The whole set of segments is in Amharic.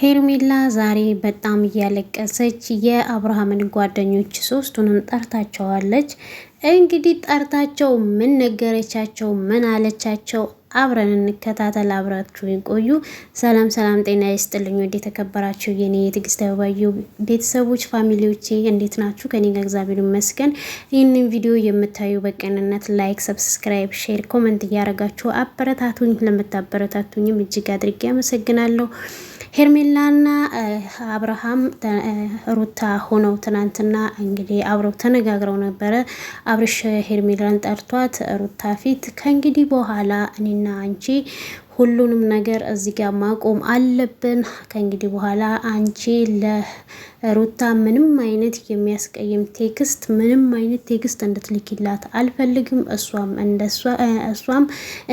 ሄርሜላ ዛሬ በጣም እያለቀሰች የአብርሃምን ጓደኞች ሶስቱንም ጠርታቸዋለች። እንግዲህ ጠርታቸው ምን ነገረቻቸው? ምን አለቻቸው? አብረን እንከታተል። አብራችሁ ይቆዩ። ሰላም ሰላም፣ ጤና ይስጥልኝ ወደ የተከበራችሁ የኔ የትግስት አበባዩ ቤተሰቦች ፋሚሊዎቼ፣ እንዴት ናችሁ? ከኔ ጋር እግዚአብሔር ይመስገን። ይህንን ቪዲዮ የምታዩ በቅንነት ላይክ፣ ሰብስክራይብ፣ ሼር፣ ኮመንት እያደረጋችሁ አበረታቱኝ። ለምታበረታቱኝም እጅግ አድርጌ አመሰግናለሁ። ሄርሜላና አብርሃም ሩታ ሆነው ትናንትና እንግዲህ አብረው ተነጋግረው ነበረ። አብርሽ ሄርሜላን ጠርቷት ሩታ ፊት ከእንግዲህ በኋላ እኔና አንቺ ሁሉንም ነገር እዚህ ጋር ማቆም አለብን። ከእንግዲህ በኋላ አንቺ ለሩታ ምንም አይነት የሚያስቀይም ቴክስት፣ ምንም አይነት ቴክስት እንድትልኪላት አልፈልግም። እሷም እሷም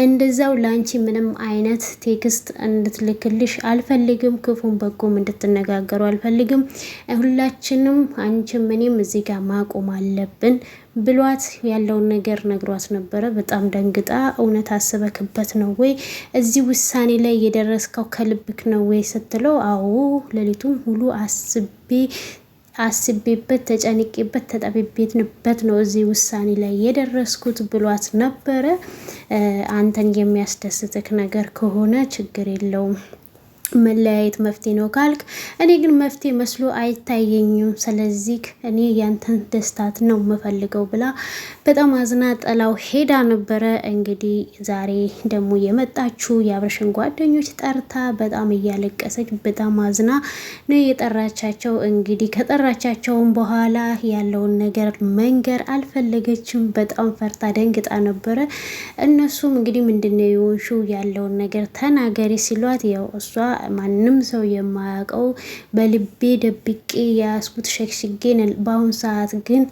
እንደዛው ለአንቺ ምንም አይነት ቴክስት እንድትልክልሽ አልፈልግም። ክፉም በጎም እንድትነጋገሩ አልፈልግም። ሁላችንም አንቺም እኔም እዚህ ጋር ማቆም አለብን። ብሏት ያለውን ነገር ነግሯት ነበረ። በጣም ደንግጣ እውነት አስበክበት ነው ወይ እዚህ ውሳኔ ላይ የደረስከው ከልብክ ነው ወይ ስትለው፣ አዎ ሌሊቱም ሁሉ አስቤ አስቤበት ተጨንቄበት ተጠብቤበት ነው እዚህ ውሳኔ ላይ የደረስኩት ብሏት ነበረ። አንተን የሚያስደስትክ ነገር ከሆነ ችግር የለውም መለያየት መፍትሄ ነው ካልክ፣ እኔ ግን መፍትሄ መስሎ አይታየኝም። ስለዚህ እኔ ያንተን ደስታት ነው የምፈልገው ብላ በጣም አዝና ጥላው ሄዳ ነበረ። እንግዲህ ዛሬ ደግሞ የመጣችው የአብረሽን ጓደኞች ጠርታ በጣም እያለቀሰች በጣም አዝና ነው የጠራቻቸው። እንግዲህ ከጠራቻቸውን በኋላ ያለውን ነገር መንገር አልፈለገችም። በጣም ፈርታ ደንግጣ ነበረ። እነሱም እንግዲህ ምንድነው የሆንሽው ያለውን ነገር ተናገሪ ሲሏት ያው እሷ ማንም ሰው የማያውቀው በልቤ ደብቄ የያዝኩት ሸክሽጌ ነን። በአሁኑ ሰዓት ግን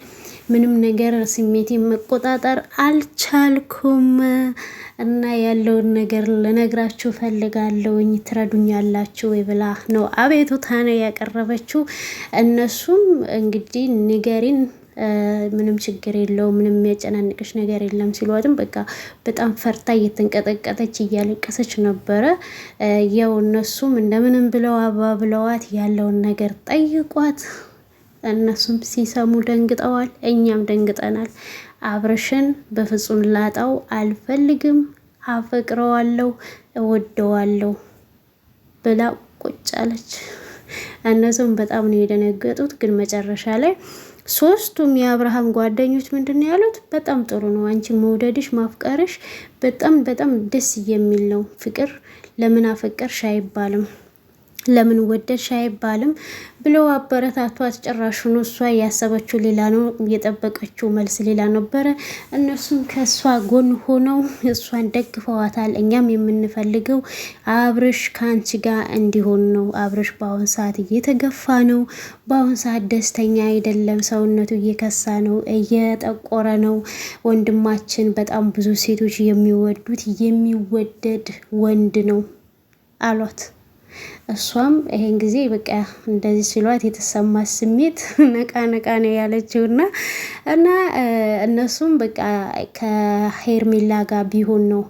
ምንም ነገር ስሜቴ መቆጣጠር አልቻልኩም እና ያለውን ነገር ልነግራችሁ ፈልጋለሁኝ ትረዱኛላችሁ ወይ ብላ ነው አቤቱታ ነው ያቀረበችው። እነሱም እንግዲህ ንገሪን ምንም ችግር የለው፣ ምንም የሚያጨናንቅሽ ነገር የለም ሲሏትም በቃ በጣም ፈርታ እየተንቀጠቀጠች እያለቀሰች ነበረ። ያው እነሱም እንደምንም ብለው ብለዋት ያለውን ነገር ጠይቋት እነሱም ሲሰሙ ደንግጠዋል፣ እኛም ደንግጠናል። አብርሽን በፍጹም ላጣው አልፈልግም፣ አፈቅረዋለሁ፣ እወደዋለሁ ብላ ቁጭ አለች። እነሱም በጣም ነው የደነገጡት። ግን መጨረሻ ላይ ሶስቱም የአብርሃም ጓደኞች ምንድን ነው ያሉት? በጣም ጥሩ ነው አንቺ መውደድሽ ማፍቀርሽ በጣም በጣም ደስ የሚል ነው። ፍቅር ለምን አፈቀርሽ አይባልም። ለምን ወደድሽ አይባልም ብሎ አበረታቷ። አስጨራሹን እሷ ያሰበችው ሌላ ነው፣ የጠበቀችው መልስ ሌላ ነበረ። እነሱም ከእሷ ጎን ሆነው እሷን ደግፈዋታል። እኛም የምንፈልገው አብርሽ ከአንቺ ጋር እንዲሆን ነው። አብርሽ በአሁን ሰዓት እየተገፋ ነው። በአሁን ሰዓት ደስተኛ አይደለም። ሰውነቱ እየከሳ ነው፣ እየጠቆረ ነው። ወንድማችን በጣም ብዙ ሴቶች የሚወዱት የሚወደድ ወንድ ነው አሏት። እሷም ይሄን ጊዜ በቃ እንደዚህ ሲሏት የተሰማ ስሜት ነቃ ነቃ ነው ያለችው እና እና እነሱም በቃ ከሄርሜላ ጋር ቢሆን ነው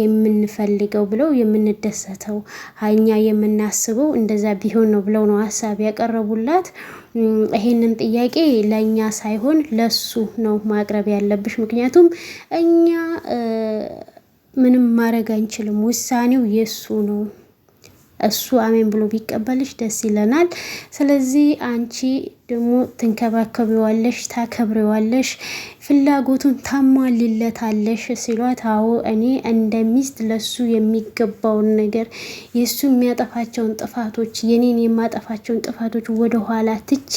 የምንፈልገው ብለው የምንደሰተው እኛ የምናስበው እንደዛ ቢሆን ነው ብለው ነው ሀሳብ ያቀረቡላት። ይሄንን ጥያቄ ለእኛ ሳይሆን ለሱ ነው ማቅረብ ያለብሽ፣ ምክንያቱም እኛ ምንም ማድረግ አንችልም፣ ውሳኔው የሱ ነው። እሱ አሜን ብሎ ቢቀበልሽ ደስ ይለናል። ስለዚህ አንቺ ደግሞ ትንከባከቢዋለሽ፣ ታከብሪዋለሽ፣ ፍላጎቱን ታሟልለታለሽ ሲሏት፣ አዎ እኔ እንደ ሚስት ለሱ የሚገባውን ነገር የእሱ የሚያጠፋቸውን ጥፋቶች የኔን የማጠፋቸውን ጥፋቶች ወደኋላ ትቼ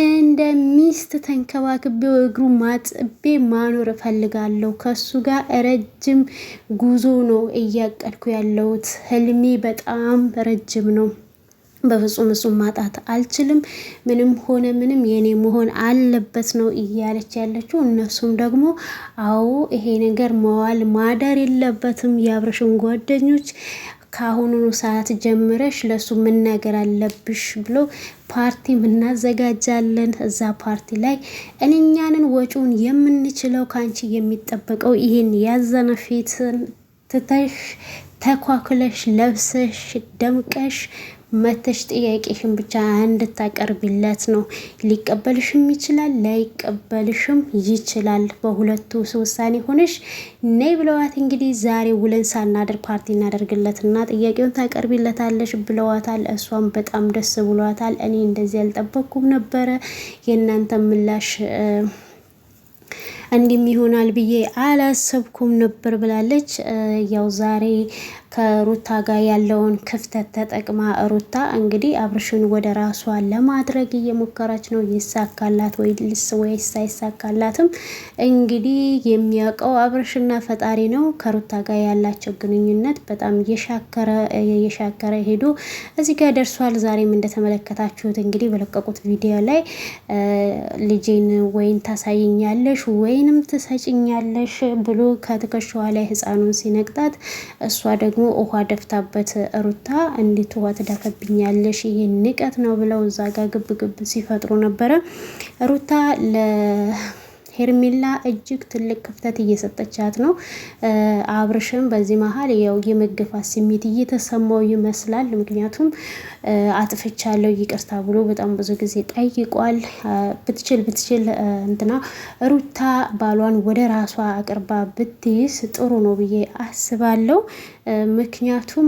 እንደ ሚስት ተንከባክቤ እግሩ ማጥቤ ማኖር እፈልጋለሁ። ከሱ ጋር ረጅም ጉዞ ነው እያቀድኩ ያለሁት። ህልሜ በጣም ረጅም ነው። በፍጹም እሱም ማጣት አልችልም፣ ምንም ሆነ ምንም የኔ መሆን አለበት ነው እያለች ያለችው። እነሱም ደግሞ አዎ ይሄ ነገር መዋል ማደር የለበትም የአብረሽን ጓደኞች ከአሁኑ ሰዓት ጀምረሽ ለሱ መናገር አለብሽ ብሎ ፓርቲ እናዘጋጃለን። እዛ ፓርቲ ላይ እኛንን ወጪውን የምንችለው ከአንቺ የሚጠበቀው ይህን ያዘነ ፊትን ትተሽ ተኳኩለሽ ለብሰሽ ደምቀሽ መተሽ ጥያቄሽን ብቻ እንድታቀርቢለት ነው። ሊቀበልሽም ይችላል ላይቀበልሽም ይችላል። በሁለቱ ውሳኔ ሆነሽ ነይ ብለዋት እንግዲህ ዛሬ ውለን ሳናድር ፓርቲ እና ጥያቄውን ታቀርቢለታለሽ ብለዋታል። እሷም በጣም ደስ ብሏታል። እኔ እንደዚህ አልጠበቅኩም ነበረ የእናንተ ምላሽ እንዲም ይሆናል ብዬ አላሰብኩም ነበር ብላለች። ያው ዛሬ ከሩታ ጋር ያለውን ክፍተት ተጠቅማ ሩታ እንግዲህ አብርሽን ወደ ራሷ ለማድረግ እየሞከራች ነው። ይሳካላት ወይ ልስ ወይስ አይሳካላትም? እንግዲህ የሚያውቀው አብርሽና ፈጣሪ ነው። ከሩታ ጋር ያላቸው ግንኙነት በጣም የሻከረ ሄዶ እዚህ ጋር ደርሷል። ዛሬም እንደተመለከታችሁት እንግዲህ በለቀቁት ቪዲዮ ላይ ልጄን ወይን ታሳይኛለሽ ወይ ወይንም ትሰጭኛለሽ ብሎ ከትከሻዋ ላይ ህፃኑን ሲነቅጣት እሷ ደግሞ ውሃ ደፍታበት ሩታ እንዴት ውሃ ትደፈብኛለሽ? ይሄ ንቀት ነው ብለው እዛ ጋር ግብግብ ሲፈጥሩ ነበረ ሩታ ለ ሄርሜላ እጅግ ትልቅ ክፍተት እየሰጠቻት ነው። አብርሽም በዚህ መሀል ያው የመገፋት ስሜት እየተሰማው ይመስላል። ምክንያቱም አጥፍቻለሁ ይቅርታ ብሎ በጣም ብዙ ጊዜ ጠይቋል። ብትችል ብትችል እንትና ሩታ ባሏን ወደ ራሷ አቅርባ ብትይስ ጥሩ ነው ብዬ አስባለሁ። ምክንያቱም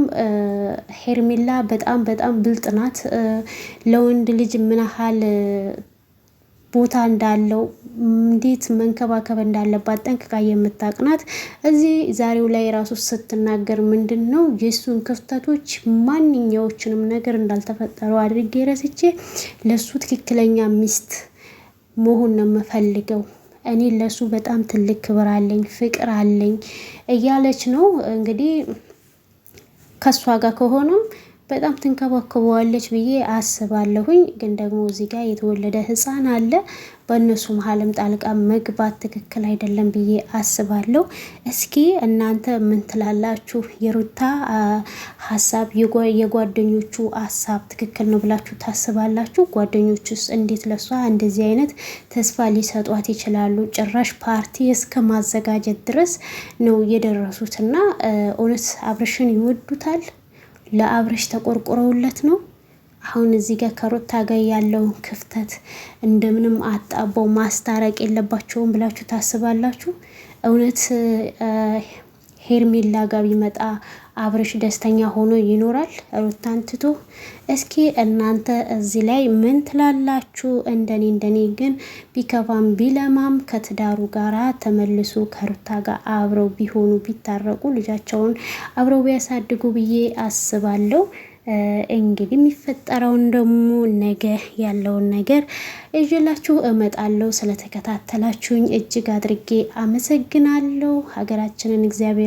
ሄርሜላ በጣም በጣም ብልጥ ናት። ለወንድ ልጅ ምን ያህል ቦታ እንዳለው እንዴት መንከባከብ እንዳለባት ጠንቅቃ የምታቅናት እዚህ ዛሬው ላይ ራሱ ስትናገር ምንድን ነው የእሱን ክፍተቶች ማንኛዎችንም ነገር እንዳልተፈጠሩ አድርጌ ረስቼ ለእሱ ትክክለኛ ሚስት መሆን ነው የምፈልገው። እኔ ለእሱ በጣም ትልቅ ክብር አለኝ፣ ፍቅር አለኝ እያለች ነው እንግዲህ ከእሷ ጋር ከሆነም በጣም ትንከባከበዋለች ብዬ አስባለሁኝ። ግን ደግሞ እዚህ ጋር የተወለደ ህፃን አለ። በእነሱ መሀልም ጣልቃ መግባት ትክክል አይደለም ብዬ አስባለሁ። እስኪ እናንተ ምን ትላላችሁ? የሩታ ሀሳብ የጓደኞቹ ሀሳብ ትክክል ነው ብላችሁ ታስባላችሁ? ጓደኞቹስ እንዴት ለሷ እንደዚህ አይነት ተስፋ ሊሰጧት ይችላሉ? ጭራሽ ፓርቲ እስከ ማዘጋጀት ድረስ ነው የደረሱትና እውነት አብርሽን ይወዱታል? ለአብረሽ ተቆርቁረውለት ነው። አሁን እዚህ ጋር ከሩታ ጋር ያለውን ክፍተት እንደምንም አጣበው ማስታረቅ የለባቸውም ብላችሁ ታስባላችሁ እውነት? ሄርሜላ ጋር ቢመጣ አብርሽ ደስተኛ ሆኖ ይኖራል ሩታን ትቶ? እስኪ እናንተ እዚህ ላይ ምን ትላላችሁ? እንደኔ እንደኔ ግን ቢከፋም ቢለማም ከትዳሩ ጋር ተመልሶ ከሩታ ጋር አብረው ቢሆኑ ቢታረቁ ልጃቸውን አብረው ቢያሳድጉ ብዬ አስባለሁ። እንግዲህ የሚፈጠረውን ደግሞ ነገ ያለውን ነገር እዥላችሁ እመጣለሁ። ስለተከታተላችሁኝ እጅግ አድርጌ አመሰግናለሁ። ሀገራችንን እግዚአብሔር